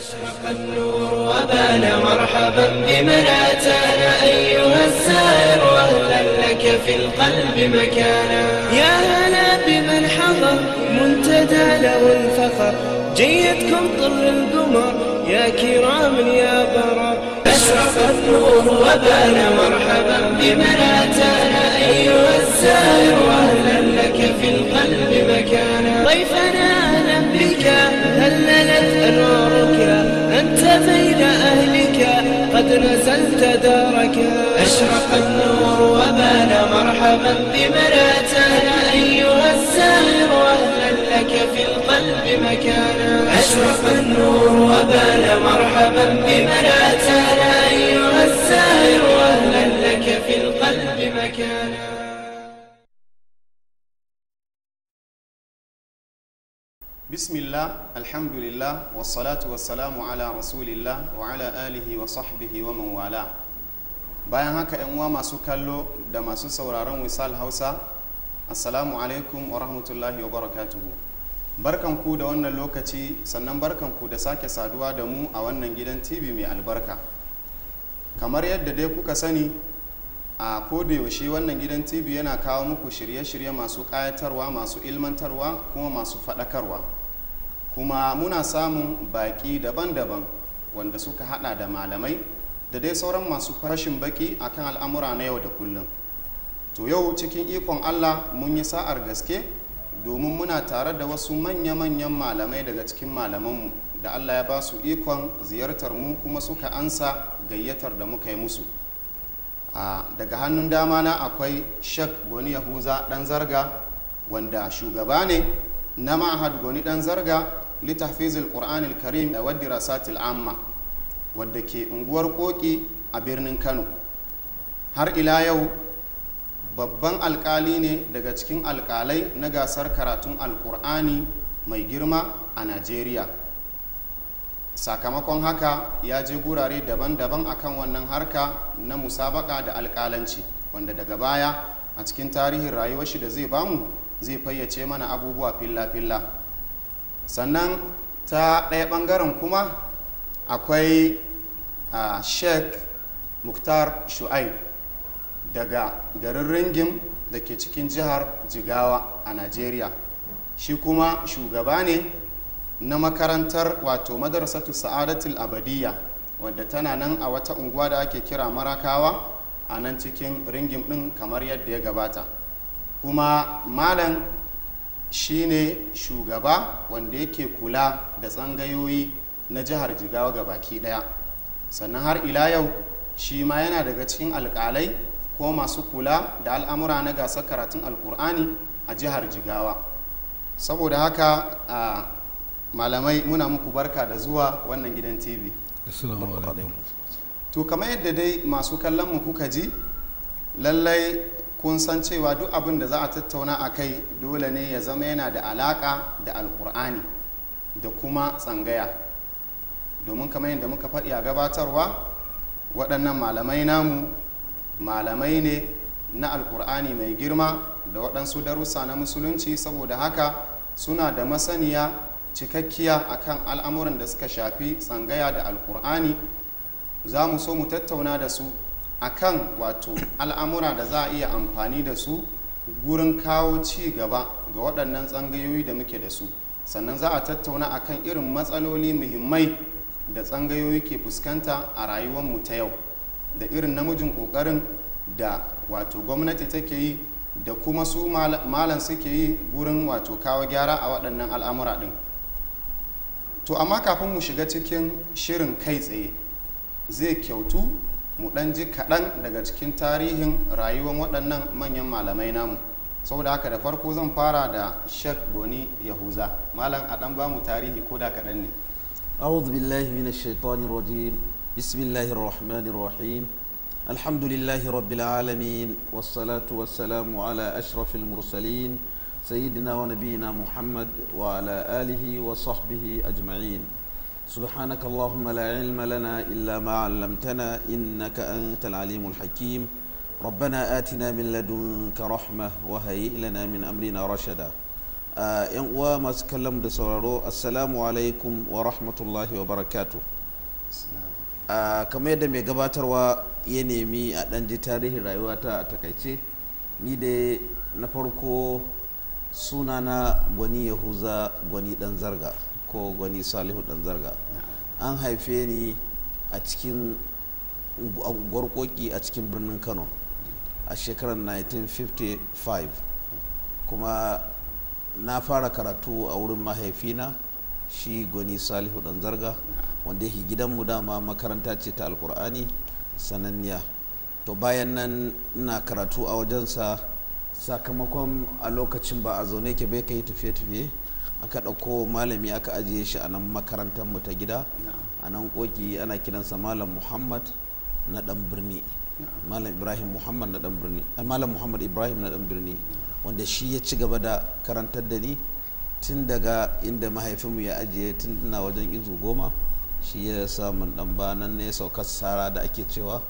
أشرق النور وبان مرحبا بمن أتانا أيها الزائر أهلا لك في القلب مكانا يا هلا بمن حضر منتدى له الفخر جيدكم طر القمر يا كرام يا برر أشرق النور وبان مرحبا بمن أتانا أيها الزائر أهلا لك في القلب مكانا ضيفنا بك هللت أنوارك أنت بين أهلك قد نزلت دارك أشرق النور وبان مرحبا بمن أتانا أيها الساهر أهلا لك في القلب مكانا أشرق النور وبان مرحبا بمن أتانا أيها الساهر أهلا لك في القلب مكانا bismillah alhamdulillah wassalatu wassalamu ala rasulillah wa ala alihi wa sahbihi wa man wala bayan haka yan uwa masu kallo da masu sauraron wisal hausa assalamu alaikum wa rahmatullahi wa barakatuhu barkanku da wannan lokaci sannan barkanku da sake saduwa da mu a wannan gidan tv mai albarka kamar yadda dai kuka sani a yaushe wannan gidan tv yana kawo muku shirye-shirye masu kayatarwa masu ilmantarwa kuma masu faɗakarwa kuma muna samun baƙi daban-daban wanda suka hada da malamai da dai sauran masu farashin baki akan al'amura na yau da kullum to yau cikin ikon allah mun yi sa'ar gaske domin muna tare da wasu manya-manyan malamai daga cikin malamanmu da allah ya ba su ikon ziyartar mu kuma suka ansa gayyatar da muka yi musu daga hannun dama na akwai shek goni yahuza dan zarga wanda shugaba ne na ma'ahad goni dan zarga litahfiz al-qur'an al-karim da amma wadda ke unguwar koki a birnin Kano har ila yau babban alƙali ne daga cikin alƙalai na gasar karatun alkur'ani mai girma a Najeriya sakamakon haka ya je gurare daban-daban akan wannan harka na musabaka da alƙalanci, wanda daga baya a cikin tarihin rayuwar shi da zai bamu zai fayyace mana abubuwa filla-filla sannan ta ɗaya ɓangaren kuma akwai sheikh muktar shu'aib daga garin ringin da ke cikin jihar jigawa a nigeria shi kuma shugaba ne na makarantar wato madarasatu sa'adatul abadiyya wanda tana nan a wata unguwa da ake kira marakawa a nan cikin ringin ɗin kamar yadda ya gabata kuma malam Shi ne shugaba wanda yake kula da tsangayoyi na jihar jigawa ga baki daya sannan har ila yau shi ma yana daga cikin alkalai ko masu kula da al'amura na gasa karatun alkur'ani a jihar jigawa saboda haka a malamai muna muku barka da zuwa wannan gidan tv to kamar yadda dai masu kallon mu kuka ji lallai kun san cewa duk abin da za a tattauna a kai dole ne ya zama yana da alaƙa da alƙur'ani da kuma tsangaya domin kamar yadda muka faɗi a gabatarwa waɗannan malamai namu malamai ne na alƙur'ani mai girma da waɗansu darussa na musulunci saboda haka suna da masaniya cikakkiya akan al'amuran da suka shafi tsangaya da alƙur'ani za mu so mu tattauna da su akan wato al'amura da za a iya amfani da su gurin kawo ci gaba ga waɗannan tsangayoyi da muke da su sannan za a tattauna akan irin matsaloli muhimmai da tsangayoyi ke fuskanta a rayuwarmu ta yau da irin namijin ƙoƙarin da wato gwamnati take yi da kuma su malan suke yi gurin wato kawo gyara a waɗannan al'amura ɗin to amma kafin mu shiga cikin shirin kai tsaye zai kyautu mu ɗan ji kaɗan daga cikin tarihin rayuwar waɗannan manyan malamai namu saboda haka da farko zan fara da shek goni yahuza malam a ɗan ba mu tarihi ko da kaɗan ne a'udhu billahi minash shaitani rajim bismillahir rahmanir rahim alhamdulillahi rabbil alamin wassalatu wassalamu ala ashrafil mursalin sayyidina wa nabiyina muhammad wa ala alihi wa sahbihi ajma'in سبحانك اللهم لا علم لنا إلا ما علمتنا إنك أنت العليم الحكيم ربنا آتنا من لدنك رحمة وهيئ لنا من أمرنا رشدا yan uwa masu kallon da sauraro assalamu alaikum wa rahmatullahi wa barakatu ah, kamar yadda mai gabatarwa ya nemi a ɗan ji tarihin rayuwata a takaice ni da na farko sunana gwani yahuza gwani ɗan zarga ko gwani salihu dan zarga an haife ni a cikin gwarkoki a cikin birnin kano a shekarar 1955 kuma na fara karatu a wurin mahaifina shi gwani salihu dan zarga wanda yake mu dama makaranta ce ta alkur'ani sananniya to bayan nan na karatu a wajensa sakamakon a lokacin ba a zaune ke bai kai tafiye-tafiye aka ɗauko malami aka ajiye shi a nan makarantar mu ta gida a nan koki ana kiransa malam muhammad na ɗan birni malam ibrahim muhammad na ɗan birni eh, malam muhammad ibrahim na ɗan birni wanda shi ya ci gaba da karantar da ni tun daga inda mahaifinmu ya ajiye tun ina wajen izu goma shi ya samun ɗan nan ne saukar sara da ake cewa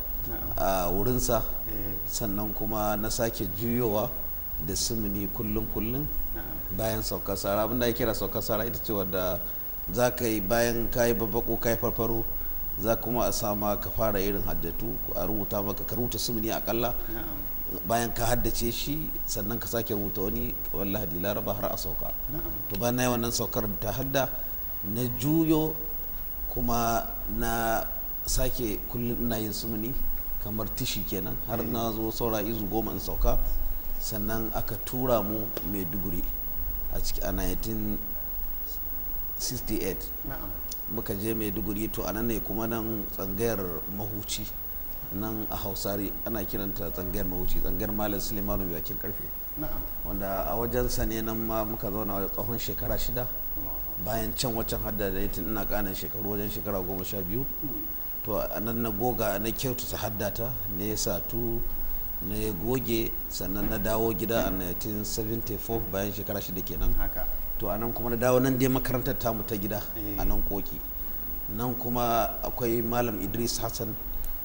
a wurinsa eh. sannan kuma na sake juyowa da simini kullum kullum bayan saukar sara abinda ya kira saukar sara ita ce wadda za ka yi bayan ka yi ko ka yi farfaro za kuma a sama ka fara irin haddatu a rubuta maka ka rubuta sumuni akalla bayan ka haddace shi sannan ka sake rubuta wani wallahi hadi laraba har a sauka to ba na yi wannan saukar ta hadda na juyo kuma na sake kullum ina yin sumuni kamar tishi kenan har eh. na zo saura izu goma in sauka sannan aka tura mu maiduguri a ciki a 1968 muka je maiduguri to anan ne kuma nan tsangayar mahuci nan a hausari ana kiranta tsangayar mahuci tsangayar malam sulemanu mai bakin karfe wanda a wajensa ne nan ma muka zauna tsawon shekara shida bayan can wancan hadda da yatin ina kanan shekaru wajen shekara goma sha biyu hmm. to nan na goga na kyautata haddata ne satu na ya goge sannan na dawo gida a 1974 bayan shekara shida kenan to a nan kuma na dawo nan dai makarantar tamu ta gida eh. a nan koki nan kuma akwai malam idris hassan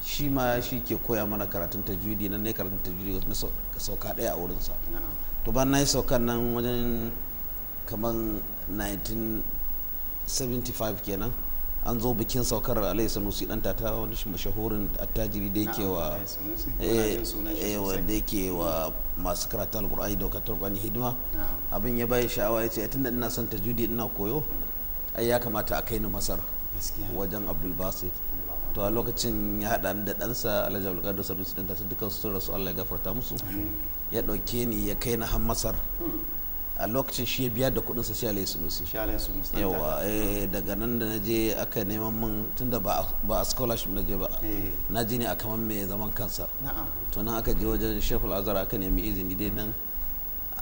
shi ma shi ke koya mana karatun ta judi nan ne karatun ta judi na sauka daya a wurinsa to ba na yi saukan nan wajen kamar 1975 kenan an zo bikin saukar alayhi sanusi dan ta wani mashahurin attajiri da yake wa eh, eh, da yake wa masu karatu alkur'ani da katar kwani hidima abin ya bai sha'awa ya ce tunda ina son ta judi ina koyo ai ya kamata a kai ni masar wajen abdul basit to a lokacin ya haɗa da ɗansa alhaji abdulkadir sanusi dan tata dukkan su rasu allah ya gafarta musu ya ɗauke ni ya kai ni har masar hmm. a lokacin shi ya biya da kudin sa shi su musu yawa daga nan da na je aka neman mun tunda ba a scholarship na je ba eh. na ji ne a kaman mai zaman kansa to nan aka je wajen shekul azhar aka nemi izini dai nan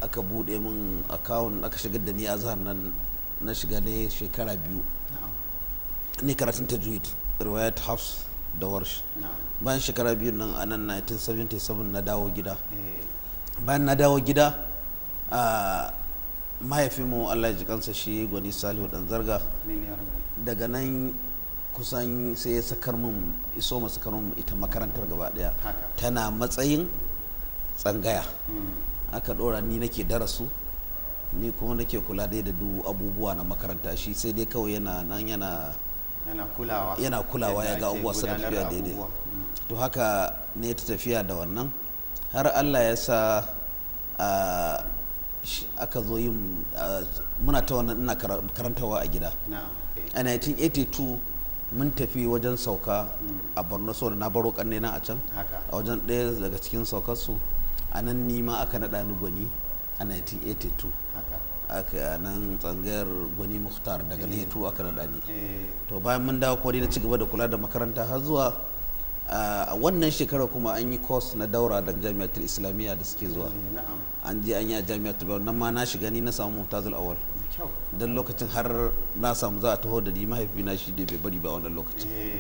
aka bude mun account aka shigar da ni azhar nan na shiga ne shekara biyu ni karatun ta juid riwayat hafs da warsh bayan shekara biyu nan a nan 1977 na dawo gida eh. bayan na dawo gida ah, mahaifinmu allah ya ji kansa shi gwani salihu dan zarga daga nan kusan sai ya sakar mun iso mu sakar mun ita makarantar gaba daya tana matsayin tsangaya hmm. aka dora ni nake darasu ni kuma nake kula dai da duk abubuwa na makaranta shi sai dai kawai yana nan yana yana kulawa ya ga abubuwa suna tafiya daidai hmm. to haka ne ta tafiya da wannan har allah ya sa ah, aka zo yin muna ta wannan ina karantawa a gida a 1982 mun tafi wajen sauka a mm. borno saboda na baro kanne na a can a wajen ɗaya daga cikin saukarsu a nan nima aka naɗa ni gwani a 1982 a nan tsangayar gwani muhtar daga leto eh. aka naɗa ni eh. to bayan mun dawo kwari na cigaba da kula da makaranta har zuwa a wannan shekara kuma an yi course na daura da jami'atul islamiyya da suke zuwa eh, an je an yi a jami'atul bayar nan ma na shiga ni na samu mutazul awal don lokacin har na samu za a taho da ni mahaifi na shi da bai bari ba wannan lokacin eh.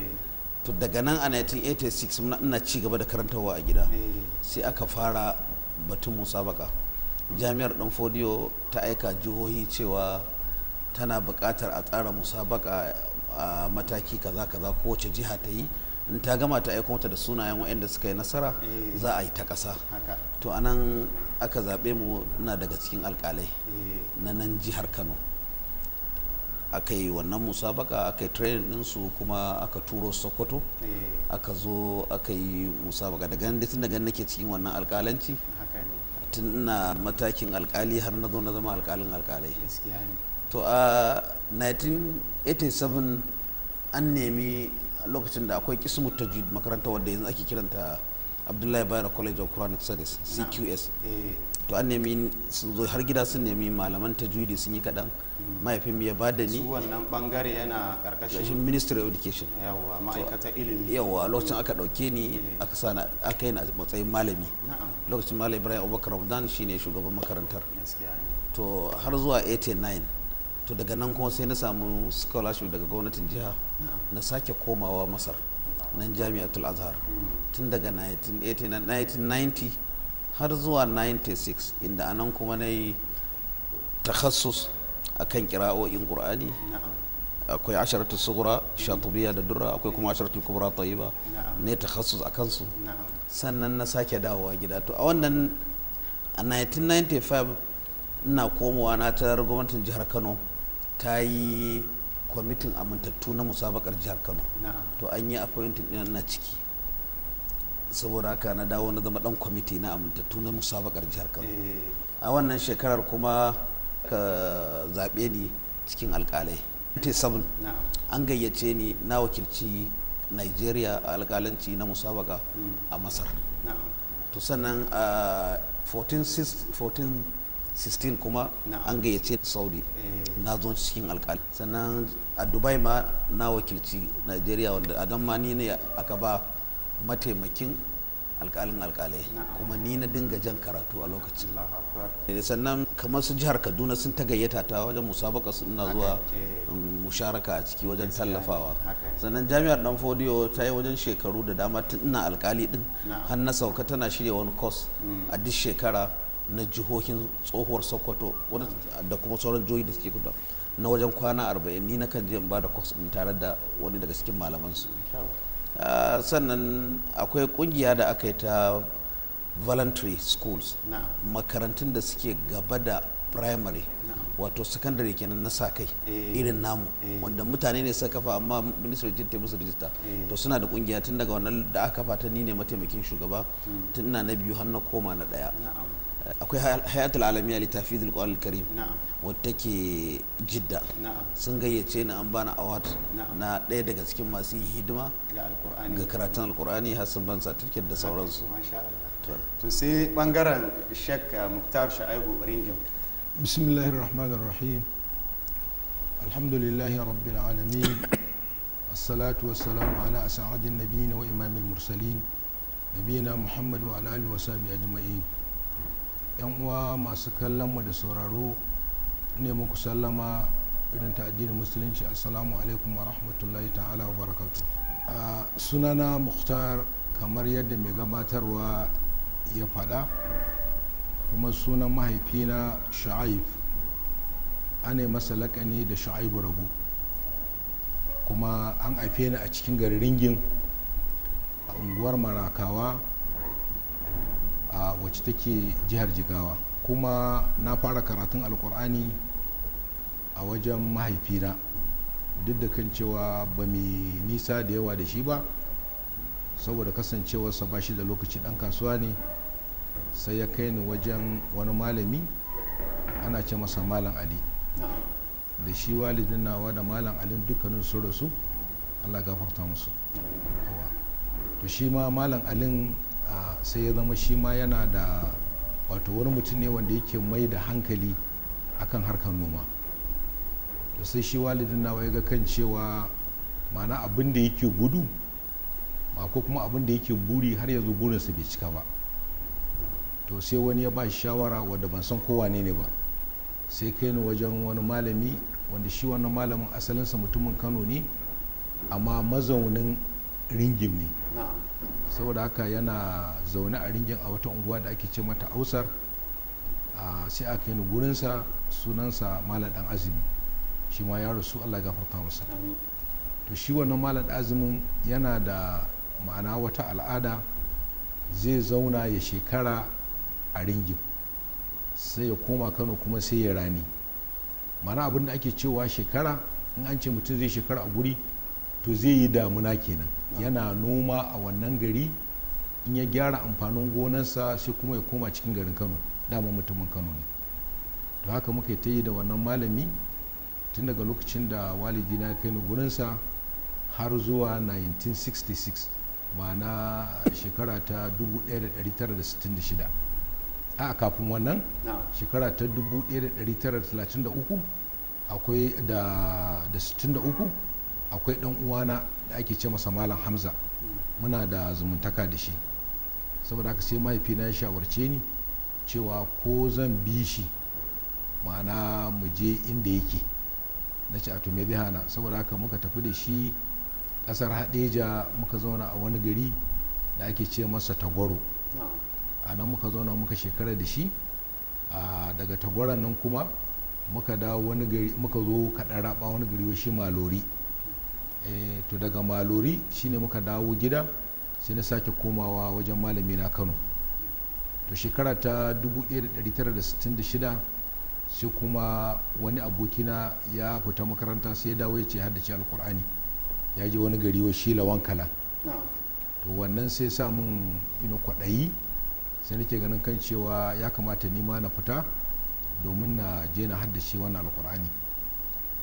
to daga nan a 1986 muna ina ci gaba da karantarwa a gida eh. sai aka fara batun musabaka jami'ar dan fodiyo ta aika jihohi cewa tana buƙatar a tsara musabaka a mataki kaza kaza kowace jiha ta yi in ta gama ta aiko mata da sunayen waɗanda suka yi nasara eh. za a yi ta ƙasa to a nan aka zaɓe mu na daga cikin alƙalai eh. na nan jihar kano aka yi wannan musabaka aka yi training ɗinsu kuma aka turo sokoto eh. aka zo aka yi musabaka daga nan tun daga nake cikin wannan alƙalanci tun ina matakin alƙali har na zo na zama alƙalin alƙalai to a 1987 an nemi lokacin da akwai kismu tajwid makaranta wadda yanzu ake kiranta abdullahi bayar college of quranic studies cqs eh. to an nemi sun zo har gida sun nemi malaman tajwidi sun yi kaɗan mm. mahaifin ya ba da ni su wannan bangare yana karkashin ministry of education yawa ma'aikatar ilimi yawa lokacin aka ɗauke ni eh. aka sa aka yi na matsayin malami lokacin malam ibrahim abubakar ramadan shine shugaban makarantar to har zuwa 89 to daga nan kuma sai na samu scholarship daga gwamnatin jiha na sake komawa masar nan jami'atul azhar tun daga 1990 har zuwa 96 inda anan kuma na yi a akan kira'o'in ƙur'ani akwai asharatu sughra shatubiya da dura akwai kuma asharatul kubra tayyiba ne takhassus a kansu sannan na sake dawowa gida to a wannan a 1995 ina komowa na tarar gwamnatin jihar Kano ta yi kwamitin amintattu na musabakar jihar kano to an yi appointing ɗin na ciki saboda haka na dawo na zama dan kwamiti na amintattu na musabakar jihar kano eh. a wannan shekarar kuma ka zaɓe ni cikin alƙalai 27 an gayyace ni na wakilci nigeria a alƙalanci na musabaka mm. a masar to sannan 14 ah, 16 kuma an gayyace saudi eh. na zo cikin alkali sannan a dubai ma na wakilci nigeria wanda a ma ni ne aka ba mataimakin alkalin alkalai kuma ni na dinga jan karatu a lokacin eh, sannan kamar su jihar kaduna sun ta gayyata ta wajen musabaka suna zuwa musharaka a ciki wajen tallafawa sannan jami'ar dan fodiyo ta yi wajen shekaru da dama tun ina alkali din har na sauka tana shirya wani kos mm. a duk shekara na jihohin tsohuwar sokoto da kuma sauran jihohi da suke kudu na wajen kwana arba'in ni na kan je ba da kwas tare da wani daga cikin malaman su ah, sannan akwai kungiya da aka yi ta voluntary schools makarantun da suke gaba da primary wato secondary kenan na sa kai eh. irin namu eh. wanda mutane ne suka kafa amma ministry of ta musu rijista eh. to suna da kungiya tun daga wannan da aka kafa ta ni ne mataimakin shugaba hmm. tun na na biyu har na koma na daya akwai hayatul alamiya littafi zulkuwar karim wadda ke jidda sun gayyace ni an bani award na ɗaya daga cikin masu yi hidima ga karatun alkur'ani hassan ban certificate da sauransu to sai bangaren shek uh, muktar sha'aibu ringin bismillahir rahmanir rahim alhamdulillahi rabbil alamin assalatu wassalamu ala asa'adin nabiyina wa imamil mursalin nabiyina muhammad wa ala alihi wa sahbihi ajma'in yan uwa masu kallon mu da sauraro ne muku sallama irin ta addinin musulunci assalamu alaikum wa rahmatullahi ta'ala wa barakatu sunana muhtar kamar yadda mai gabatarwa ya fada kuma sunan mahaifina sha'aib ana masa lakani da sha'aibu rabu kuma an haife ni a cikin garin ringin a unguwar marakawa a wacce take jihar jigawa kuma na fara karatun alkur'ani a wajen mahaifina duk da kan cewa ba mai nisa da yawa da shi ba saboda kasancewarsa ba shi da lokaci ɗan kasuwa ne sai ya kai ni wajen wani malami ana ce masa malam ali da shi walidin nawa da malam Ali dukkanin sun rasu allah gafarta musu to shi ma malam alin sai ya zama shi ma yana da wato wani mutum ne wanda yake mai da hankali akan harkar noma da sai shi walidin nawa ya ga kan cewa mana abin da yake gudu ko kuma abin da yake buri har yanzu burinsa bai cika ba to sai wani ya ba shawara wadda ban san kowa ne ba sai kai ni wajen wani malami wanda shi wannan malamin asalinsa mutumin kano ne amma mazaunin ringim ne saboda haka yana zaune a ringin a wata unguwa da ake ce mata hausar sai aka ni gurinsa sunansa malam dan azumi shi ma ya rasu allah gafarta masa to shi wannan malam azumin yana da ma'ana wata al'ada zai zauna ya shekara a ringin sai ya koma kano kuma sai ya rani mana abin da ake cewa shekara in an ce mutum zai shekara a guri to zai yi damuna kenan yana noma a wannan gari in ya gyara amfanin gonarsa sai kuma ya koma cikin garin kano dama mutumin kano ne to haka muka ta yi da wannan malami tun daga lokacin da walidi na kai ni gurinsa har zuwa 1966 ma'ana shekara ta 1966 a kafin wannan shekara ta 1933 akwai da 63 akwai dan uwana da ake ce masa malam hamza muna da zumuntaka da shi saboda haka sai mahaifina ya shawarce ni cewa ko zan bi shi ma'ana mu je inda yake na ce a tume hana saboda haka muka tafi da shi kasar hadeja muka zauna a wani gari da ake ce masa tagwaro a nan muka zauna muka shekara da shi daga tagwaron nan kuma muka dawo wani gari muka zo kaɗan raba wani gari wa shi malori Eh, to daga malori shine muka dawo gida sai na sake komawa wajen malami na kano to shekara ta 1966 sai kuma wani abokina ya fita makaranta sai ya dawo ya ce haddace alkur'ani ya je wani gari wa Shila wankala to wannan sai sa mun ina kwaɗayi sai nake ganin kan cewa ya kamata nima na fita domin na je na haddace wannan alkur'ani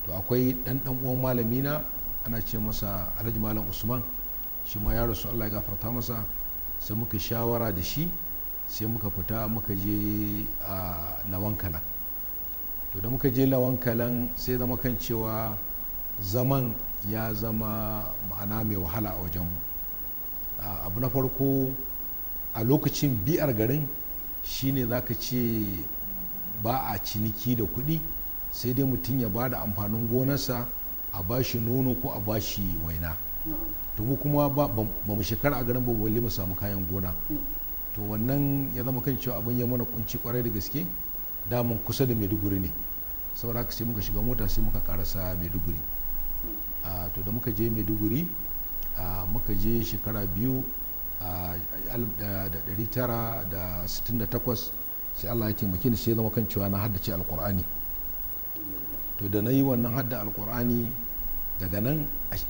to akwai ɗan uwan malamina ana ce masa alhaji malam usman shi ma ya rasu allah ya gafarta masa sai muka shawara da shi sai muka fita muka je a lawankalan to da muka je lawankalan sai zama kan cewa zaman ya zama ma'ana mai wahala a wajenmu abu na farko a lokacin biyar garin shine za ka ce ba a ciniki da kuɗi sai dai mutum ya ba da amfanin gonarsa a bashi nono ko a bashi waina to mu kuma ba mu shekara a garin babu mu samu kayan gona to wannan ya zama kan cewa abin ya mana kunci kwarai da gaske damun kusa da maiduguri ne saboda haka sai muka shiga mota sai muka karasa maiduguri to da muka je maiduguri muka je shekara biyu a takwas. sai allah ya taimaki ni sai zama kan cewa na haddace alkur'ani to da na yi wannan hadda alkur'ani daga nan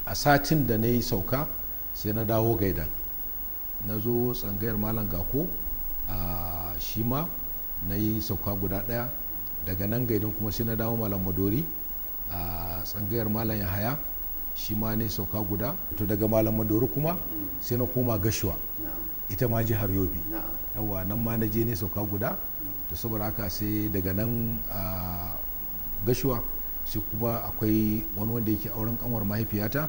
a satin da na yi sauka sai na dawo gaidan na zo tsangayar malam gako a shi na yi sauka guda daya daga nan gaidan kuma sai na dawo malam madori a tsangayar malam yahaya shi ma ne sauka guda to daga malam madori kuma sai na koma gashuwa ita ma jihar Yobi. yawa nan ma na je ne sauka guda to saboda haka sai daga nan gashuwa shi kuma akwai wani wanda yake auren kanwar mahaifiyata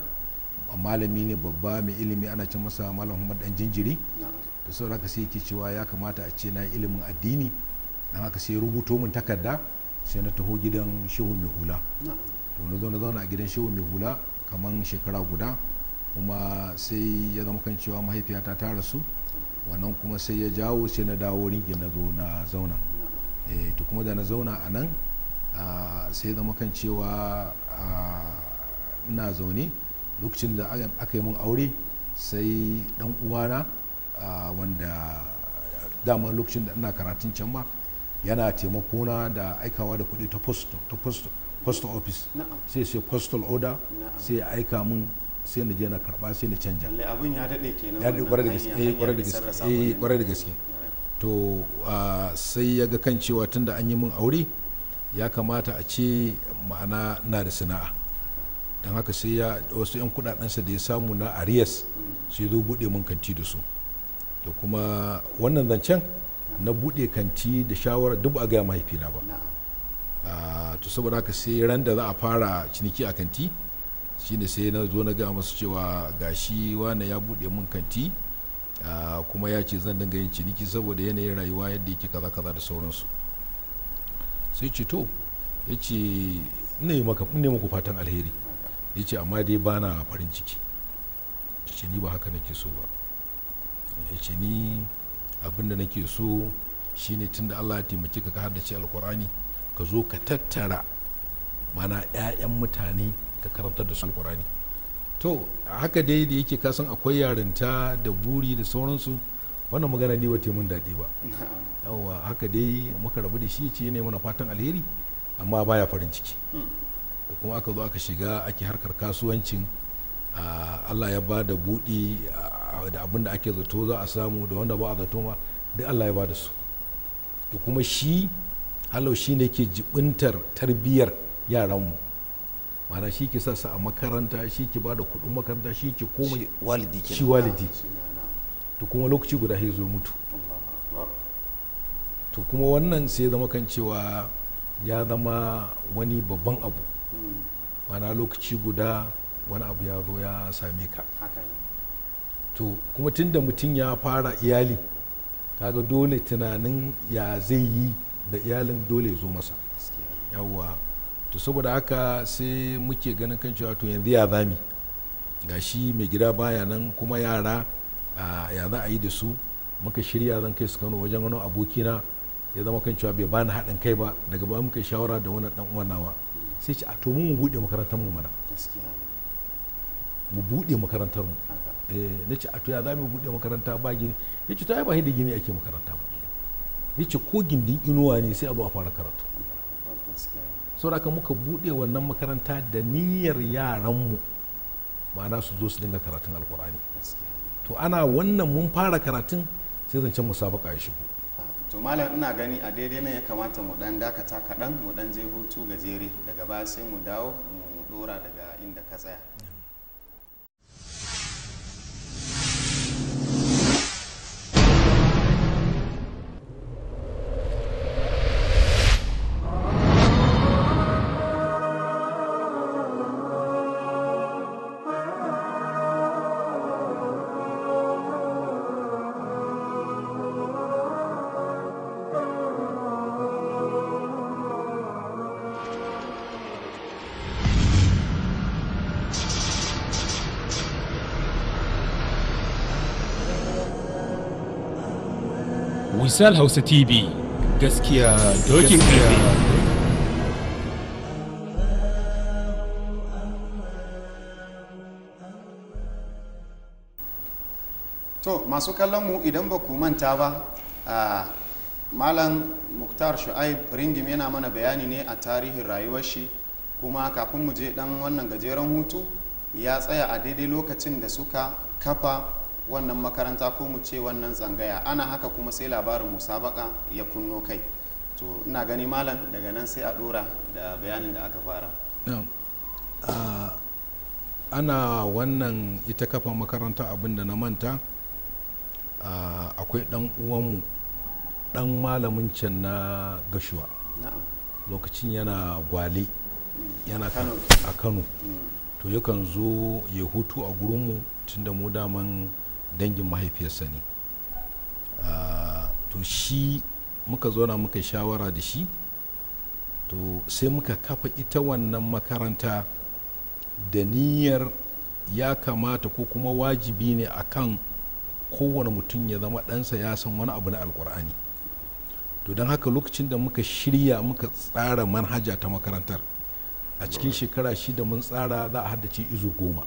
malami ne babba mai ilimi ana cin masa malam Muhammad dan jinjiri da saboda haka sai yake cewa ya kamata a ce na ilimin addini dan haka sai rubuto min takarda sai na taho gidan shehu mai hula to na zo zauna a gidan shehu mai hula kaman shekara guda kuma sai ya zama kan cewa mahaifiyata ta rasu wannan kuma sai ya jawo sai na dawo ringin na zo na zauna eh, to kuma da na zauna a nan sai zama kan cewa na zaune lokacin da aka yi mun aure sai dan uwana wanda dama lokacin da ina karatun can ma yana taimakona da aikawa da kuɗi ta postal office sai sai postal order sai ya aika mun sai na je na karba sai na canja abin ya daɗe kenan ya daɗe eh, eh, da gaske eh kwarai da gaske eh kwarai da gaske to sai ya ga kan cewa tunda an yi mun aure ya kamata a ce ma'ana na da sana'a don haka sai ya wasu 'yan kudadensa da ya samu na arias sai zo bude mun kanti da su da kuma wannan zancen na bude kanti da shawarar duk a gaya mahaifina ba ah, to saboda haka sai ran da za a fara ciniki a kanti shine sai na zo na gaya masu cewa gashi wane ya bude mun kanti ah, kuma ya ce zan dinga yin ciniki saboda yanayin rayuwa yadda yake kaza kaza da sauransu sai ce to ya ce ne maka ne muku fatan alheri ya ce amma dai bana farin ciki ya ce ni ba haka nake so ba ya ce ni abin da nake so shine tun da allah ya taimaki ka har da ce alkurani ka zo ka tattara mana 'ya'yan mutane ka karantar da su alkurani to haka dai da yake kasan akwai yarinta da buri da sauransu wannan magana ni wata mun daɗi ba yawwa haka dai muka rabu da shi ce ne muna fatan alheri amma baya farin ciki mm. da kuma aka zo aka shiga ake harkar kasuwancin Allah ya ba da buɗi da abin da ake zato za a samu da wanda ba a zato ma duk Allah ya ba da su da kuma shi halau shi ne ke jibintar tarbiyyar yaranmu mana shi ke sa a makaranta shi ke ba da kuɗin makaranta shi ke komai shi walidi to kuma lokaci guda sai zo mutu to kuma wannan sai zama kan cewa ya zama wani babban abu mana lokaci guda wani abu ya zo ya same ka to kuma tun da mutum ya fara iyali kaga dole tunanin ya zai yi da iyalin dole ya zo masa yawwa to saboda haka sai muke ganin kan cewa to yanzu ya zami ga shi mai gida baya nan kuma yara ya za a yi da su muka shirya zan kai su kano wajen wani abokina ya zama kan cewa bai bani haɗin kai ba daga ba muka shawara da wani dan uwan nawa sai ce a to mu buɗe makarantar mu mana mu buɗe makarantar mu eh, na ce a to ya za mu buɗe makaranta ba gini ya ce to ai ba da gini ake makaranta ba ya ce ko gindin inuwa ne sai abu a fara karatu saboda muka buɗe wannan makaranta da niyyar yaranmu ma'ana su zo su dinga karatun alkur'ani to ana wannan mun fara karatun sai zancen musabaka ya shigo to malam ina gani a daidai nan ya kamata mu dan dakata kaɗan mu dan je hutu gajere daga baya sai mu dawo mu dora daga inda ka tsaya Misal Hausa TV gaskiya dokin ƙarfi. To masu kallon mu idan ba ku manta ba Malam Muktar Shu'aib Ringim yana mana bayani ne a tarihin rayuwar shi kuma kafin mu je dan wannan gajeren hutu ya tsaya a daidai lokacin da suka kafa wannan makaranta ko mu ce wannan tsangaya ana haka kuma sai labarin musabaka ya kunno kai to ina gani malam daga nan sai a dora da bayanin da aka fara ah, ana wannan ita kafa makaranta abinda na manta ah, akwai dan uwanmu dan malamin can na gashuwa lokacin yana gwale mm. yana a kano mm. to yakan zo ya hutu a gurinmu tunda mu daman dangin mahaifiyarsa ne ah, to shi muka zauna muka shawara da shi to sai muka kafa ita wannan makaranta da niyyar ya kamata ko kuma wajibi ne akan kowane mutum ya zama ɗansa ya san wani abu na alkur'ani to don haka lokacin da muka shirya muka tsara manhaja ta makarantar a cikin shekara shida mun tsara za a haddace izo goma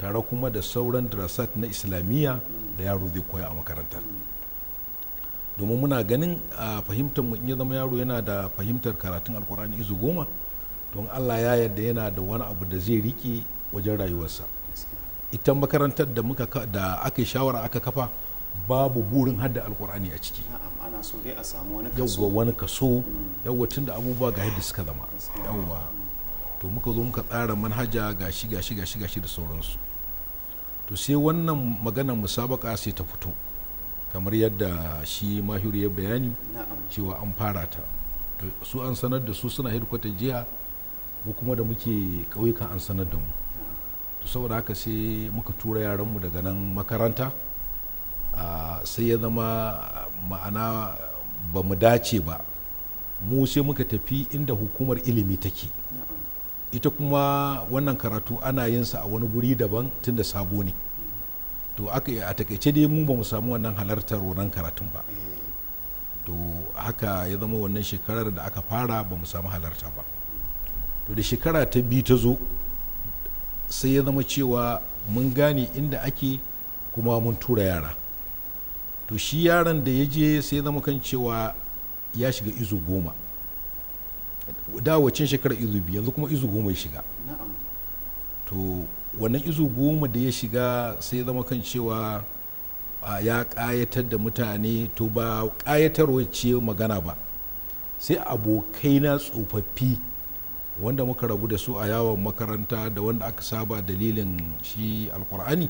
tare kuma da sauran drasat na islamiyya da yaro zai koya a makarantar domin muna ganin a fahimtar mu in ya zama yaro yana da fahimtar karatun alkur'ani izu goma don allah ya yarda yana da wani abu da zai rike wajen rayuwarsa ita makarantar da aka shawara aka kafa babu burin hadda alkur'ani a ciki ana wani kaso yawwa mm. da abubuwa ga yadda suka zama yawwa mm. to muka zo muka tsara manhaja gashi gashi gashi gashi da sauransu to sai wannan maganar musabaka sai ta fito kamar yadda shi mahiru ya bayani cewa an fara ta su an sanar da su suna hedkwatar jiya mu kuma da muke ƙauyukan an sanar da mu to saboda haka sai muka tura yaranmu daga nan makaranta sai ya zama ma'ana ba mu dace ba mu sai muka tafi inda hukumar ilimi take ita kuma wannan karatu ana yin sa a wani guri daban tun da sabo ne to aka a takaice dai mu ba mu samu wannan halartar wannan karatun ba to haka ya zama wannan shekarar da aka fara ba mu samu halarta ba to da shekara ta biyu ta zo sai ya zama cewa mun gane inda ake kuma mun tura yara to shi yaran da ya je sai ya zama kan cewa ya shiga izo goma dawacin shekarar izu biyu yanzu kuma izu goma ya shiga to wannan izu goma da ya shiga sai zama kan cewa ya kayatar da mutane to ba kayatarwa ce magana ba sai abokai na tsofaffi wanda muka rabu da su a yawon makaranta da wanda aka saba dalilin shi alkur'ani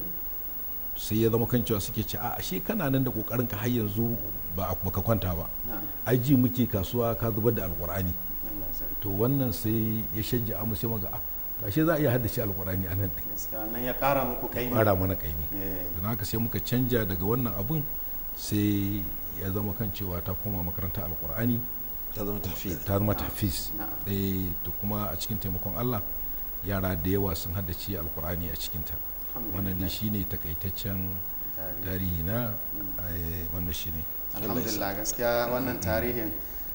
sai ya zama kan cewa suke ce a ashe kana nan da kokarin ka har yanzu ba ka kwanta ba aji muke kasuwa ka zubar da alkur'ani to wannan sai ya shajja a, sai maga ah, ashe za a iya haddace alkurani a nan nan ya kara muku kaimi kara mana kaimi eh. don haka sai muka canja daga wannan abun sai ya zama kan cewa ta koma makaranta alkurani ta zama tafiz ta zama tafiz eh, to kuma a cikin taimakon Allah yara da yawa sun haddace alkurani a cikin ta. wannan ne shine takaitaccen tarihi na mm. eh, wannan shine alhamdulillah gaskiya wannan tarihin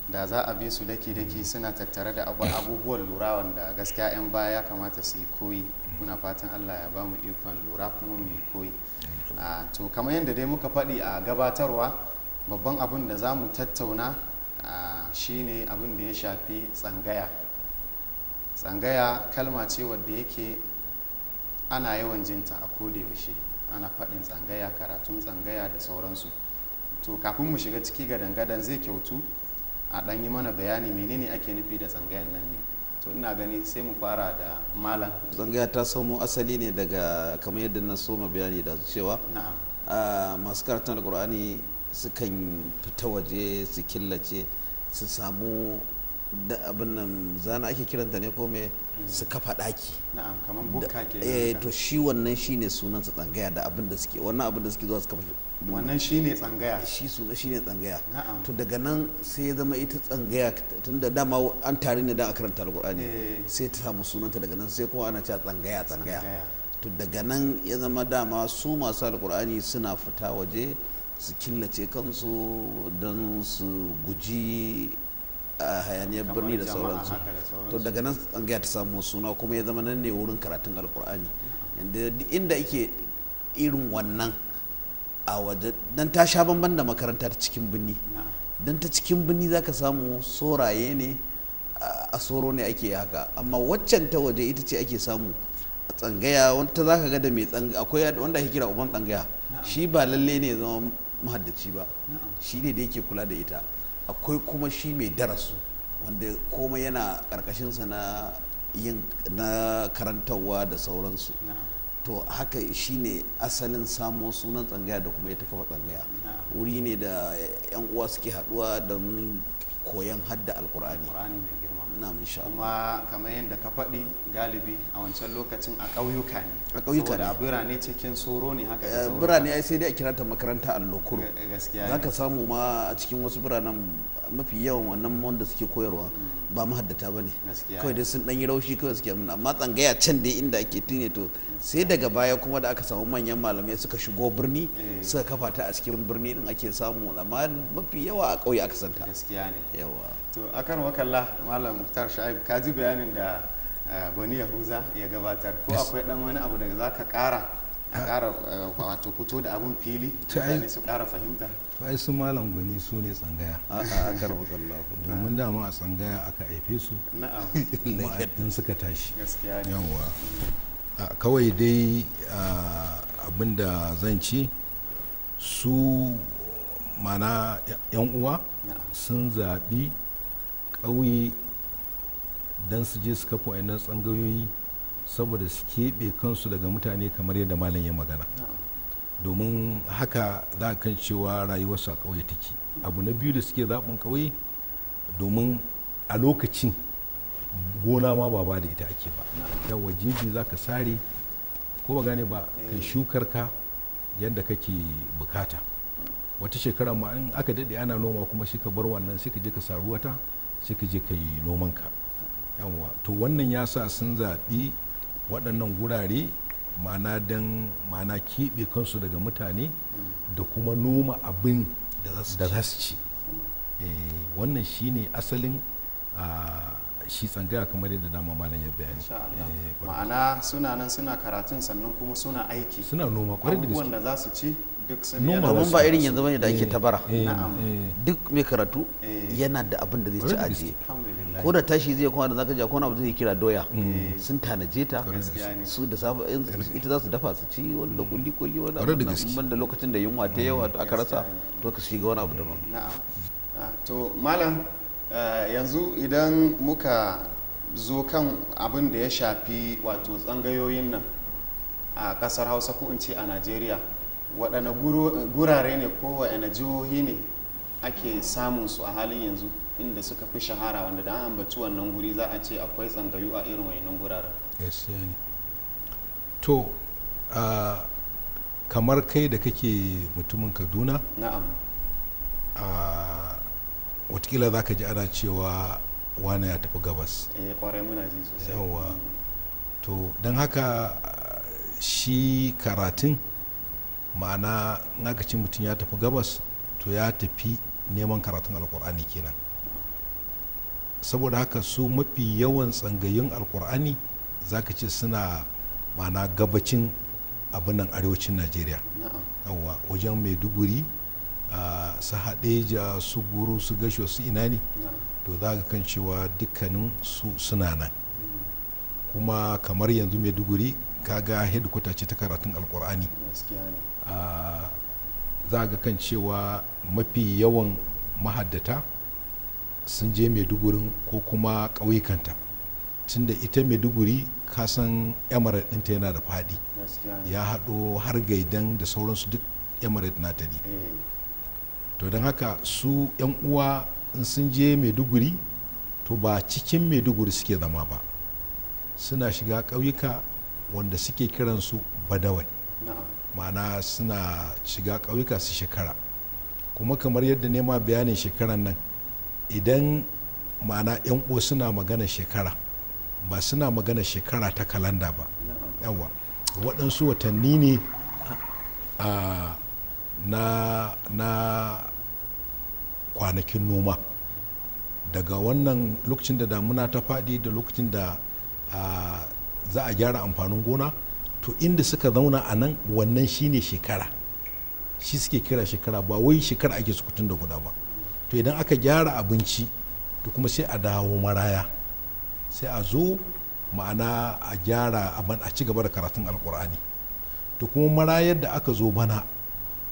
da za a bi su daki-daki suna tattare da abubuwan lura wanda gaskiya 'yan baya ya kamata su yi koyi muna fatan allah ya ba mu ikon lura kuma mu yi koyi to kamar yadda dai muka faɗi a gabatarwa babban abin da za mu tattauna shine abin da ya shafi tsangaya tsangaya kalma ce wadda yake ana yawan jinta a yaushe ana faɗin tsangaya karatun tsangaya da sauransu to kafin mu shiga ciki ga dangadan zai kyautu a ɗan yi mana bayani menene ake nufi da tsangayan nan ne to ina gani sai mu fara da malam tsangaya ta samo asali ne daga kamar yadda na so ma bayani da cewa masu karatun alkur'ani sukan fita waje su killace su samu da abin nan zana ake kiranta ne ko me su kafa daki na'am kaman buka ke eh to shi wannan shine sunan sa tsangaya da abin da suke wannan abin da suke zuwa su kafa wannan shine tsangaya shi sunan shine tsangaya na'am to daga nan sai ya zama ita tsangaya tunda dama an tare ne dan a karanta alqur'ani eh. sai ta samu sunanta daga nan sai kuma ana cewa tsangaya tsangaya to daga nan ya zama dama su masu alqur'ani suna fita waje su killace kansu don su guji a hayaniyar birni da sauransu to daga nan an gaya ta samu suna kuma ya zama nan ne wurin karatun alkur'ani inda ake irin wannan a waje dan ta sha bamban da makaranta ta cikin birni dan ta cikin birni zaka samu soraye ne a soro ne ake haka amma waccan ta waje ita ce ake samu a tsangaya wata za ka ga da mai tsangaya akwai wanda ake kira uban tsangaya shi ba lalle ne zama mahaddaci ba shi ne da yake kula da ita akwai kuma shi mai darasu wanda komai yana ƙarƙashinsa na yin na karantarwa da sauransu to haka shi ne asalin samo sunan tsangaya da kuma ita kafa tsangaya wuri ne da 'yan uwa suke haɗuwa da koyan hadda alkur'ani kuma kamar yadda ka faɗi galibi a wancan lokacin a ƙauyuka ne a ƙauyuka ne saboda birane cikin soro ne haka da eh, sauran birane ai sai dai a kiranta makaranta allo kuro gaskiya za ka samu ma a cikin wasu biranen mafi yawan wannan wanda suke koyarwa mm. ba mahaddata ba ne kawai dai sun ɗan yi raushi kawai suke amma amma tsangaya can dai inda ake tune to sai daga baya kuma da aka samu manyan malamai suka shigo birni eh. suka kafa ta a cikin birni din ake samu amma mafi yawa a ƙauye aka santa gaskiya ne yawa to akar wakalla malam muktar sha'ib ka ji bayanin da gwani eh, yahuza ya gabatar ko akwai dan wani abu da za ka kara a kara eh, wato fito da abun fili mutane su kara fahimta to ai su malam goni su ne tsangaya akar wakalla domin dama a tsangaya aka haife su na'am suka tashi gaskiya ne yawa kawai dai abin da zan ci su mana yan uwa sun zaɓi ƙauye don su je su kafa wayannan tsangayoyi saboda su keɓe kansu daga mutane kamar yadda malam ya magana domin haka za a kan cewa rayuwarsu a ƙauye take abu na biyu da suke zaɓin ƙauye domin a lokacin gona ma ba ba da ita ake ba yawa wajeji za ka sare ko ba gane ba ka eh. shukar ka yadda kake bukata wata shekara ma in aka daɗe ana noma kuma shi ka bar wannan sai ka je ka saruwa wata sai ka je ka yi nomanka yawwa to wannan ya sa sun zaɓi waɗannan gurare ma'ana don ma'ana keɓe kansu daga mutane da kuma noma abin da za su ci eh, wannan shi ne asalin shi tsangaya kamar yadda dama malam ya bayani eh, ma'ana suna nan suna karatun sannan kuma suna aiki suna noma kwarai da gaske za su ci normal ba irin yanzu bane da ake eh, tabara eh, eh. duk mai karatu yana da abin da zai ci ajiye ko da tashi zai kuma da zaka ji ko abu zai kira doya sun tanaje ta su da safa ita za su dafa su ci wanda kulli kulli wanda ban da lokacin da yunwa ta yawa to aka rasa to ka shiga wani abu daban na'am ah, to malam yanzu idan muka zo kan abin da ya shafi wato tsangayoyin nan a kasar hausa ko in ce a najeriya waɗanne gurare ne ko waɗanne jihohi ne ake samun su a halin yanzu inda suka fi shahara wanda da an ambaci wannan guri za a ce akwai tsangayu a irin wayannan guraren ya ne to kamar kai da kake mutumin kaduna na'am watakila za ka ji ana cewa wane ya tafi gabas eh kwarai muna ji sosai yawa mm. to don haka shi karatun ma'ana in aka ce mutum ya tafi gabas to ya tafi neman karatun alkur'ani kenan saboda haka su mafi yawan tsangayin alkur'ani za ka ce suna ma'ana gabacin abinan arewacin najeriya yawwa wajen maiduguri su haɗeja su guru su gasho su ina ne to za ka kan cewa dukkanin su suna nan kuma kamar yanzu maiduguri kaga hedikwata ce ta karatun alkur'ani za ga kan cewa mafi yawan mahaddata sun je maidugurin ko kuma ƙauyukanta tunda ita maiduguri kasan emirate ɗinta yana da faɗi ya haɗo har gaidan da sauransu duk emirate na ta ne eh. to don haka su 'yan uwa in sun je maiduguri to ba cikin maiduguri suke zama ba suna shiga ƙauyuka wanda suke kiransu badawai ma'ana suna shiga ƙauyuka su shekara kuma kamar yadda nema bayanin shekaran nan idan ma'ana 'yan uwa suna magana shekara ba suna magana shekara ta kalanda ba yawa waɗansu watanni ne na, na kwanakin noma daga wannan lokacin da damuna ta faɗi da lokacin da za a gyara amfanin gona to inda suka zauna a nan wannan shine shekara shi suke kira shekara ba wai shekara ake sukutun da guda ba to idan aka gyara abinci to kuma sai a dawo maraya sai a zo ma'ana a gyara a ci gaba da karatun alkur'ani to kuma marayar da aka zo bana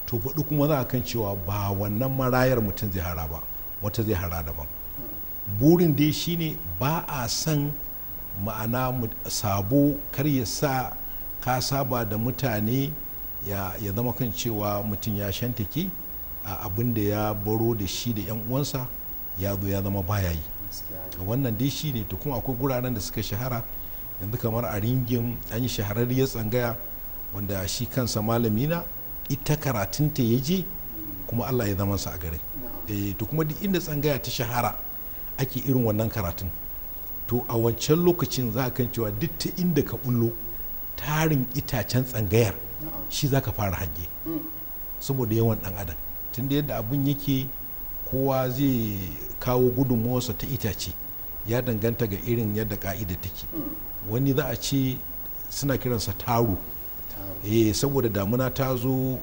to baɗi kuma za a kan cewa ba wannan marayar mutum zai hara ba wata zai hara daban burin dai shine ba a san ma'ana sabo kar ya sa ka saba da mutane ya zama kan cewa mutum ya shantaki a abin da ya baro da shi da 'yan uwansa ya zo ya zama baya yi wannan dai shi ne to kuma akwai guraren da suka shahara yanzu kamar a ringin an yi shahararriyar tsangaya wanda shi kansa malamina ita karatunta ya je kuma allah ya zama sa a gare eh, to kuma duk inda tsangaya ta shahara ake irin wannan karatun to a wancan lokacin za a kan cewa duk ta inda ka bullo tarin itacen tsangayar shi zaka fara hange saboda yawan dan adam tun da yadda abun yake kowa zai kawo gudunmuwarsa ta itace ya danganta ga irin yadda ka'ida take wani za a ce suna kiransa taro eh, saboda damuna ta zo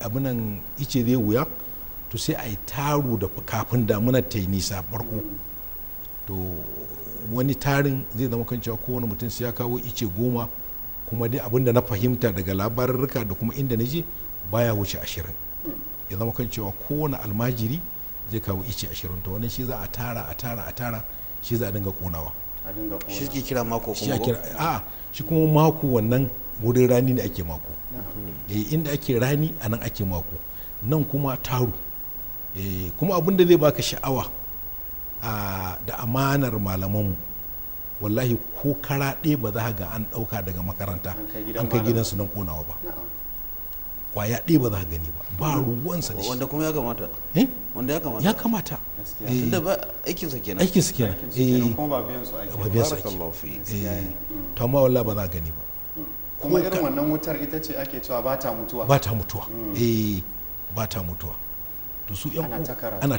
abinan ice zai wuya to sai a yi taro da kafin damuna ta yi nisa farko mm. to wani tarin zai zama kan cewa kowane mutum sai ya kawo ice goma kuma dai abin da na fahimta daga labarurruka da kuma inda na je baya wuce ashirin ya zama kan cewa kowane almajiri zai kawo ice ashirin to wannan shi za a tara a tara a tara shi za a dinga konawa shi ke kira mako kuma a shi kuma mako wannan wurin rani ne ake mako mm-hmm. eh, inda ake rani a nan ake mako nan kuma taro eh, kuma abin da zai baka sha'awa ah, da amanar malamanmu wallahi ko kara ɗaya ba za ga an ɗauka daga makaranta an kai gidansu nan ƙonawa ba kwaya ɗaya ba za gani ba ba ruwansa da shi wanda kuma ya kamata eh? wanda ya kamata ya kamata tunda ba aikin sa kenan aikin sa kenan eh kuma ba biyan su aiki ba biyan su aiki eh mm. to amma wallahi ba za gani ba kuma irin wannan wutar ita ce ake cewa ba ta mutuwa ba ta mutuwa mm. eh ba ta mutuwa to su yan ana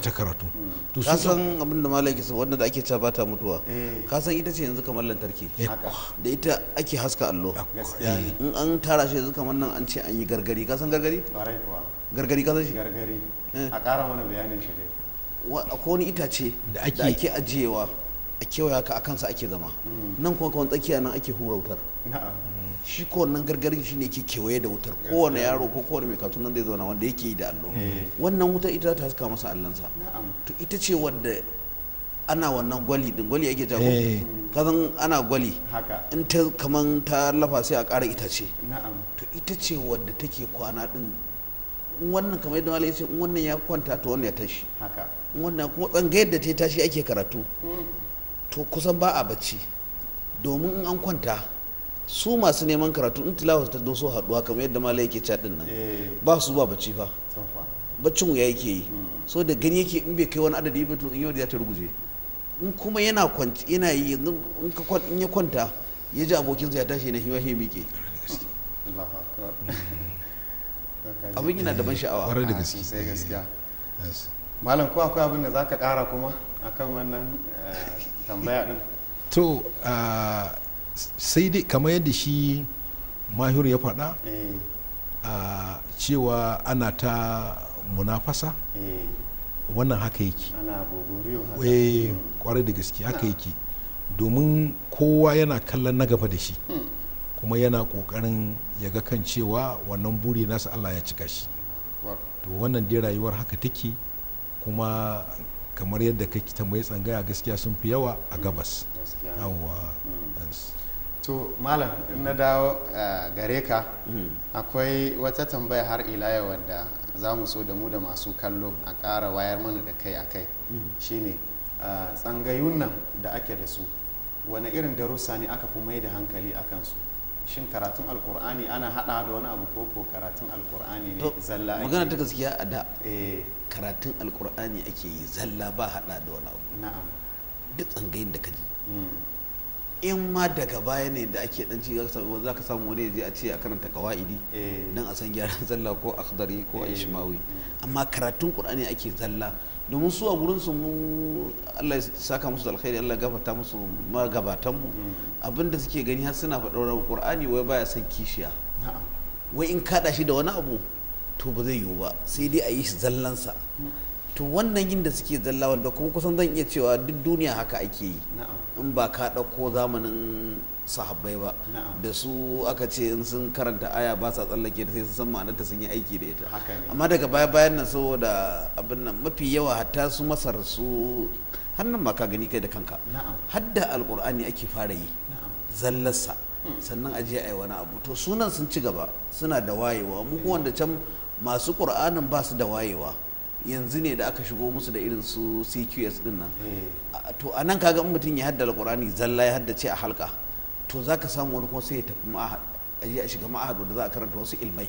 ta karatu hmm. to su san abin da malaki su wanda ake cewa bata mutuwa eh. ka san ita ce yanzu kamar lantarki eh. da ita ake haska allo eh. in an tara shi yanzu kamar nan an ce an yi gargari ka san gargari gargari ka san shi gargari a ƙara mana bayanin shi dai akwai wani itace da ake ajiyewa a kewaya ka a kansa ake zama hmm. nan kuma kawai tsakiya nan ake hurautar. na'am shi ko wannan gargarin shi ne ke kewaye da wutar kowane yaro ko kowane mai katun nan zai zauna wanda yake yi da allo eh. wannan wutar ita ta haska masa allansa to ita ce wadda ana wannan gwali din gwali ake jago eh. kazan ana gwali in ta kaman ta lafa sai a ƙara itace to ita ce wadda take kwana din wannan kamar yadda malai ce in wannan ya kwanta to wannan ya tashi in wannan kuma tsanga yadda ta tashi ake karatu mm. to kusan ba a bacci domin in an kwanta su masu neman karatu in tilawa ta doso haduwa kamar yadda malai yake cadin nan eh. ba su ba bacci fa baccin wuya yake yi hmm. so da gani yake in bai kai wani adadi ba to in yau da ta ruguje in kuma yana kwanta yana yi in ya kwanta ya ji abokinsa ya tashi na hiwa hemi ke abin yana da ban sha'awa ƙwarar da ah, gaske gaskiya malam ko akwai abin da za ka ƙara kuma akan wannan eh, tambaya din to ah, sai dai kamar yadda shi mahir ya faɗa eh. a cewa ana ta munafasa eh. wannan haka yake kwarai eh, hmm. da gaske haka yake domin kowa yana kallon na gaba da shi hmm. kuma yana kokarin ya ga kan cewa wannan buri nasa Allah ya cika shi to wannan dai rayuwar haka take kuma kamar yadda kake tambayi tsangaya gaskiya sun fi yawa a hmm. gabas yawa to malam in na dawo eh, gare ka hmm. akwai wata tambaya har ilaya wadda za mu so da mu da masu kallo a ƙara wayar mana da kai a kai hmm. shine eh, tsangayun nan da ake da su wani irin darussa ne aka fi mai da hankali a kansu shin karatun alkur'ani ana hada da wani abu ko ko karatun alkur'ani ne zalla ake magana ta gaskiya a da eh. karatun alkur'ani ake yi zalla ba hada da wani abu na'am duk tsangayin da ka ji hmm. in ma daga baya ne da ake dan ci za ka samu wani je a ce a karanta kawaidi eh. don a san gyaran zalla ko akhdari ko eh. ishmawi amma karatun qur'ani ake zalla domin su a gurin su mu Allah ya saka musu alkhairi Allah ya gafarta musu gabatan mu hmm. abinda suke gani har suna faɗa qur'ani wai baya son kishiya wai in kada shi da wani abu to ba zai yiwu ba sai dai a yi shi zallansa hmm. to wannan yin da suke zalla wanda kuma kusan zan iya cewa duk duniya haka ake yi in ba ka ɗauko zamanin sahabbai ba da su aka ce in sun karanta aya ba sa tsallake da sai sun san ma'anarta sun yi aiki da ita amma daga baya bayan nan saboda abin nan mafi yawa hatta su masar su hannun ba ka gani kai da kanka hadda alkur'ani ake fara yi zallarsa hmm. sannan aje a yi wani abu to sunan sun ci gaba suna da wayewa mu wanda can masu ƙur'anin ba su da wayewa yanzu ne da aka shigo musu da irin su cqs din nan eh. to a nan kaga in mutum ya haddala qur'ani zalla ya haddace a halka to za ka samu wani kuma sai ya tafi ma'ahad a shiga ma'ahad wanda za a karanta wasu ilmai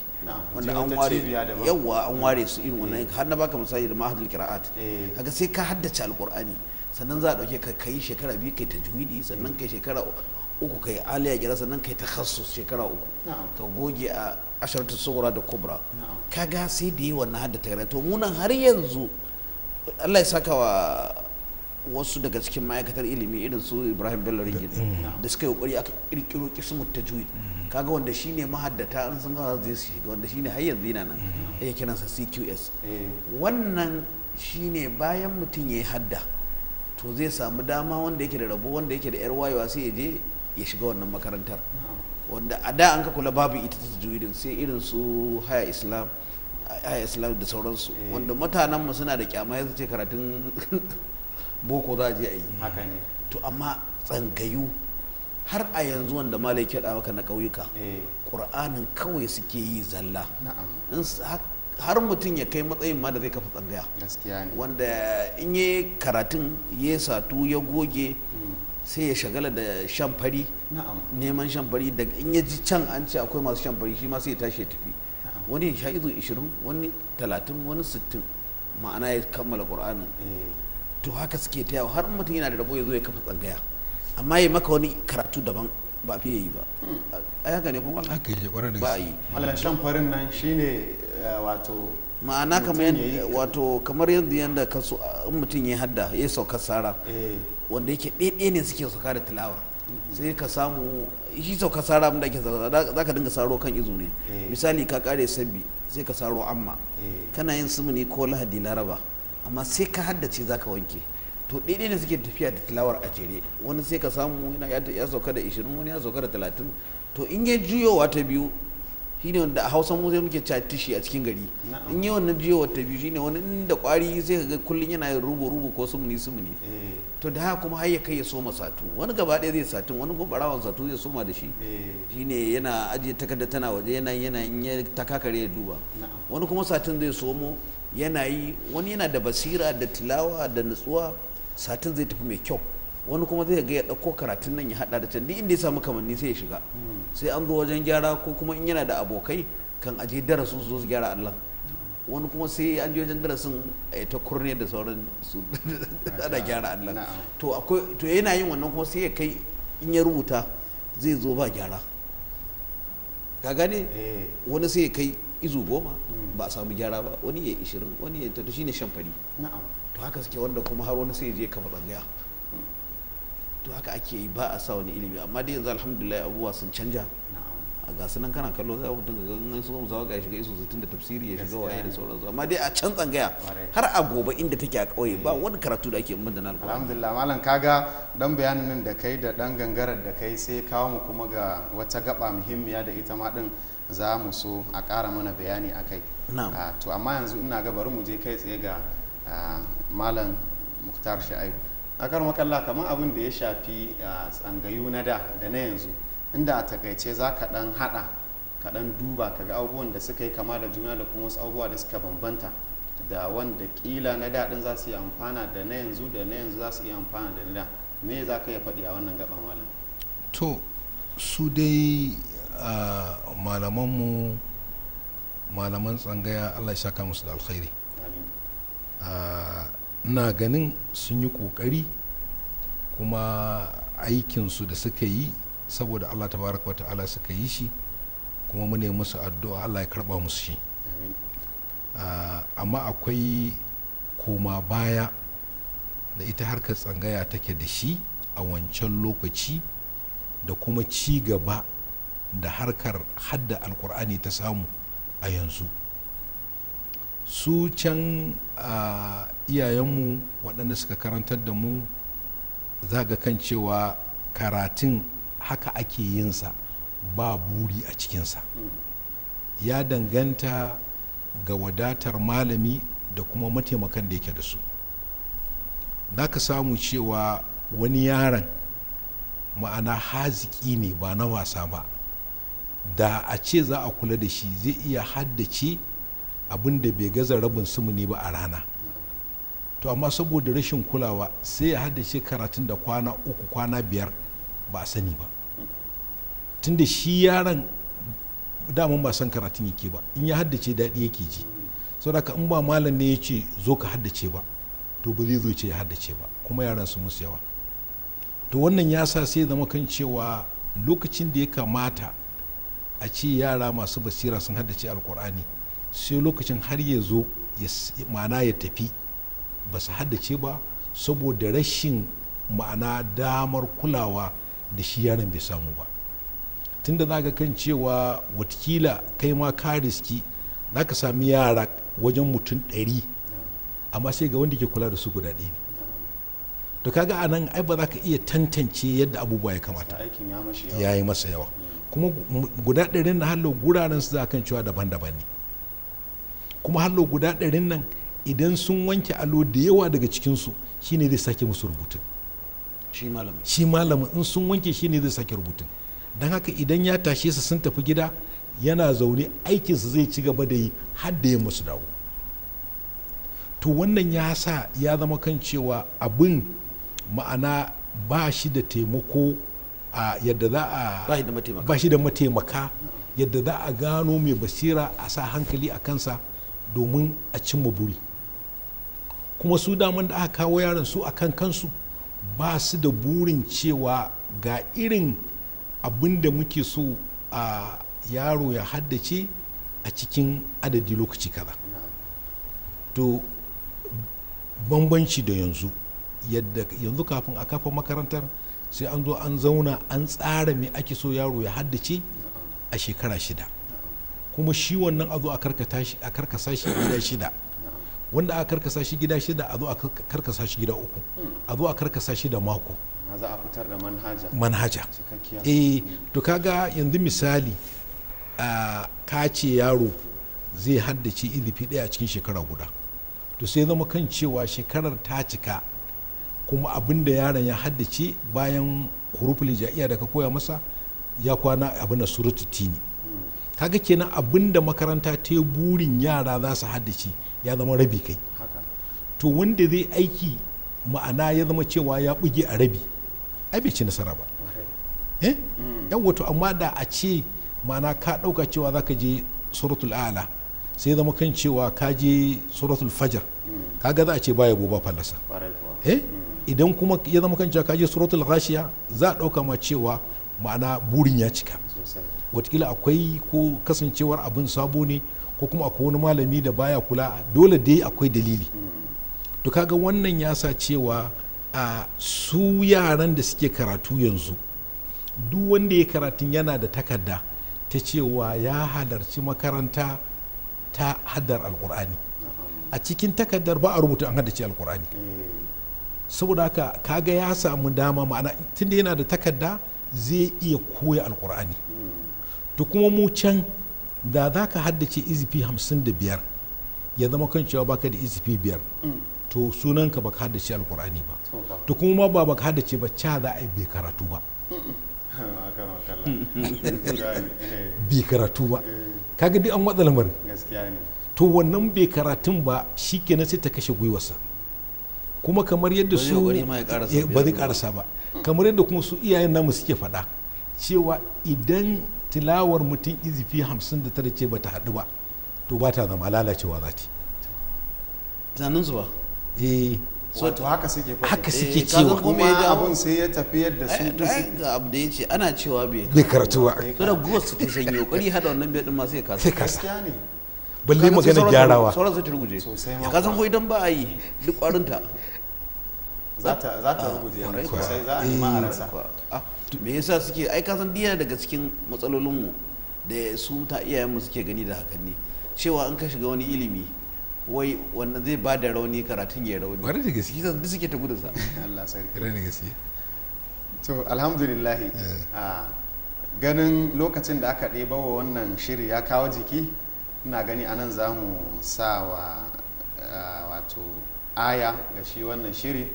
wanda an ware yawa an mm. ware su irin wannan eh. har na baka misali da ma'ahadul qira'at eh. kaga sai ka haddace alqur'ani sannan za a dauke ka kai shekara biyu kai tajwidi sannan kai shekara uku kai aliya kira sannan kai takassus shekara uku ka goge a asharatu sugura da kubra kaga sai da yi wannan hadda ta to munan har yanzu Allah ya saka wa wasu daga cikin ma'aikatar ilimi irin su Ibrahim Bello Ringin mm. da suka yi kokari aka kirkiro kismu juyi mm. kaga wanda shine mahaddata an san ga zai shiga wanda shine har yanzu yana nan mm. ake kiransa CQS eh. wannan shine bayan mutum ya yi hadda to zai samu dama wanda yake da rabo wanda yake da yar wayewa sai ya je ya shiga wannan makarantar wanda a da an ka kula babu ita ta tajwidin sai irin su haya islam haya islam da sauransu eh. wanda mutanen mu suna da kyama yanzu ce karatun boko za a je a yi haka ne to amma tsangayu har a yanzu wanda malai kyaɗa maka na ƙauyuka ƙur'anin eh. kawai suke yi zalla har mutum ya kai matsayin ma da zai kafa tsangaya wanda in yi karatun ya satu ya goge hmm. sai ya shagala da shan fari neman shan fari da in ya ji can an ce akwai masu shan fari shi ma sai ya tashi ya tafi wani ya sha izu 20 wani 30 wani 60 ma'ana ya kammala qur'anin eh. to haka suke ta yawa har mutum yana da rabo ya zo ya kafa tsangaya amma ya maka wani karatu daban ba fiye yi ba hmm. a haka ne kuma haka yi kwarar da ba yi malam shan farin nan shine eh, wato ma'ana kamar wato kamar yadda yadda kasu in mutum ya hadda ya sauka sara eh. wanda yake ɗaiɗe ne suke sauka da tilawa sai ka samu shi sauka sara abin da ake za ka dinga saro kan izu ne eh. misali ka kare sabbi sai ka saro amma eh. kana yin sumuni ko lahadi laraba amma sai ka haddace za ka wanke to ɗaiɗe ne suke tafiya da tilawar a jere wani sai ka samu ya sauka da 20 wani ya sauka da 30 to in ya juyowa ta biyu shine wanda a hausa mu sai muke tishi a cikin gari in yi wannan jiyo wata biyu shine wani inda kwari sai ka ga kullum yana yin rubu rubu ko sumuni sumuni eh. to da haka kuma har ya kai ya soma satu wani gaba ɗaya zai satun wani kuma barawan satu zai soma da shi eh. shine yana ajiye takarda tana waje yana yana ya takakare ya duba wani kuma satun zai somo yana yi wani yana da basira da tilawa da nutsuwa satun zai tafi mai kyau wani kuma zai ga ya ɗauko karatun nan ya haɗa da can duk inda ya samu kamanni sai ya shiga hmm. sai an zo wajen gyara ko kuma in yana da abokai kan aje darasu su zo su gyara Allah wani kuma sai an jojin wajen sun eh, ta kurne da sauran su ana gyara Allah to akwai to yana yin wannan kuma sai ya kai in ya rubuta zai zo ba gyara ka gane eh. wani sai ya kai izu goma mm. ba a samu gyara ba wani ya ishirin wani ya tattu shine shan fari to haka suke wanda kuma har wani sai ya je kafa tsangaya mm. to haka ake yi ba a sa wani ilimi amma dai yanzu alhamdulillah abubuwa sun canja ga su nan kana kallo za a mutum ga ganin su musawa ga shiga isu tun da tafsiri ya shiga waye da sauransu amma dai a can tsangaya har a gobe inda take a kauye ba wani karatu da ake mun da na alƙur'ani alhamdulillah malam kaga dan bayanin nan da kai da dan gangarar da kai sai kawo mu kuma ga wata gaba muhimmiya da ita ma din za mu so a kara mana bayani a kai ah, to amma yanzu ina ga bari mu je kai tsaye ga ah, malam muktar sha'ib a makalla kamar abin da ya shafi ah, tsangayu na da da na yanzu inda a takaice za ka dan hada ka dan duba ka ga abubuwan da suka yi kama da juna da kuma wasu abubuwa da suka bambanta da wanda kila na daɗin za su yi amfana da na yanzu da na yanzu za su yi amfana da na me za ka iya faɗi a wannan gaba malam to su dai malamanmu malaman tsangaya allah shaka musu da alkhairi na ganin sun yi ƙoƙari kuma aikinsu da suka yi saboda allah Ta tabaraka wa ta'ala suka yi shi kuma mu ne musu addu'a allah ya karba musu shi ah, amma akwai koma baya da ita harkar tsangaya take da shi a wancan lokaci da kuma ci gaba da harkar hadda alkur'ani ta samu a yanzu su can ah, iyayenmu waɗanda suka karantar da mu za ga kan cewa karatun haka ake yin sa ba buri a cikinsa ya danganta ga wadatar malami da kuma mataimakan da yake da su za ka samu cewa wani yaron ma'ana haziki ne ba na wasa ba da a ce za a kula da shi zai iya haddace abin da bai gaza rabin sumuni ba a rana to amma saboda rashin kulawa sai ya haddace karatun da kwana uku kwana biyar ba a sani ba tunda shi yaran daman ba son karatun yake ba in ya haddace daɗi yake ji saboda in ba malam ne ya ce zo ka haddace ba to ba zai zo ce ya haddace ba kuma yaran su musu yawa to wannan ya sa sai zama kan cewa lokacin da ya kamata a ce yara masu basira sun haddace alkur'ani sai lokacin har ya zo ma'ana ya tafi ba su haddace ba saboda rashin ma'ana damar kulawa da shi yaron bai samu ba tunda za ka kan cewa watakila kai ma ka riski za ka sami yara wajen mutum ɗari amma sai ga wanda ke kula da su guda ɗaya ne to kaga a nan ai ba za ka iya tantance yadda abubuwa ya kamata ya yi masa yawa kuma guda ɗarin na hallo guraren su za kan cewa daban-daban ne kuma hallo guda ɗarin nan idan sun wanke alo da yawa daga cikinsu shine zai sake musu rubutu. shi malamin shi malamin in sun wanke shi ne zai sake rubutun don haka idan ya tashe su sun tafi gida yana zaune aikinsa zai ci gaba da yi har ya yamma dawo to wannan ya sa ya zama kan cewa abin ma'ana ba shi da taimako a yadda za a ba shi da mataimaka yadda za a gano mai basira a sa hankali a kansa domin a cimma buri kuma su daman da aka kawo yaran su a kan kansu ba su da burin cewa ga irin abin da muke so a yaro ya haddace a cikin adadi lokaci kaza to bambanci da yanzu yadda yanzu kafin a kafa makarantar sai an zo an zauna an tsara me ake so yaro ya haddace a shekara shida kuma shi wannan a zo a karkasa shi gida shida wanda aka karkasa shi gida shida a zo a karkasa shi gida uku a zo a karkasa shi da mako za a fitar da manhaja manhaja eh to kaga yanzu misali ka ce yaro zai haddace izifi ɗaya a cikin shekara guda to sai zama kan cewa shekarar ta cika kuma abinda da yaron ya haddace bayan hurufin ja'iya da ka koya masa ya kwana abin da surutu tini hmm. kaga kenan abin da makaranta ta burin yara za su haddace ya zama rabi kai to wanda zai aiki ma'ana ya zama cewa ya buge a rabi ai bai ci nasara ba eh? mm. yan wato amma da a ce ma'ana ka ɗauka cewa za ka je suratul a'la sai zama kan cewa ka je suratul mm. Ka kaga za a ce baya goba fallasa eh? mm. idan kuma ya zama kan cewa ka je suratul rashiya za a dauka ma cewa ma'ana burin ya cika watakila akwai ko kasancewar abin sabo ne ko kuma akwai wani malami da baya kula dole dai akwai dalili to kaga wannan ya sa cewa a su yaran da suke karatu yanzu duk wanda ya karatun yana da takarda ta cewa ya halarci makaranta ta haddar alkur'ani a cikin takardar ba a rubuta an haddace alkur'ani saboda haka kaga ya samu dama ma'ana tunda yana da takarda zai iya koya alkur'ani to kuma mu can da za ka haddace izifi hamsin da biyar ya zama kan cewa baka da izifi biyar mm. to sunanka baka haddace alkur'ani ba to kuma ba baka haddace ba ca za a yi bai karatu ba bai karatu ba eh. kaga duk an watsa lamarin to wannan bai karatun ba shi sai ta kashe gwiwarsa kuma kamar yadda su eh, ba zai karasa ba kamar yadda kuma su iyayen namu suke faɗa cewa idan tilawar mutum izifi hamsin da ta ce ba ta haɗu ba to ba ta zama lalacewa za ta zanen zuwa eh wato haka suke haka suke eh, cewa kuma abun sai ya tafi yadda su ga abu da yace ana cewa bai bai karatu to da guwa su ta sanyo kari hada wannan bai din ma sai kasa sai kasa ne balle magana gyarawa sauran su turguje ya ka san ko idan ba a yi duk kwarinta za ta za ta ruguje sai za a yi ma a rasa me yasa suke ai ka san diya daga cikin matsalolinmu da su ta mu suke gani da hakan ne cewa in ka shiga wani ilimi wai wannan zai ba da rauni karatun ya rauni ƙwarar da gaske zan duk suke ta gudu sa Allah sarki da gaske to alhamdulillah eh. ganin lokacin da aka ɗeba wa wannan shiri ya kawo jiki ina gani a nan za mu sa wa wato aya ga shi wannan shiri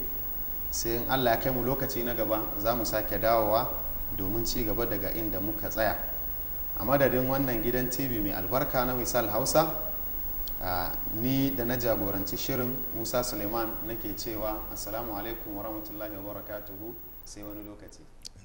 sai in allah ya kai mu lokaci na gaba za mu sake dawowa domin ci gaba daga inda muka tsaya a madadin wannan gidan tv mai albarka na misal hausa ni da na jagoranci shirin musa suleiman nake cewa assalamu alaikum wa rahmatullahi wa barakatuhu sai wani lokaci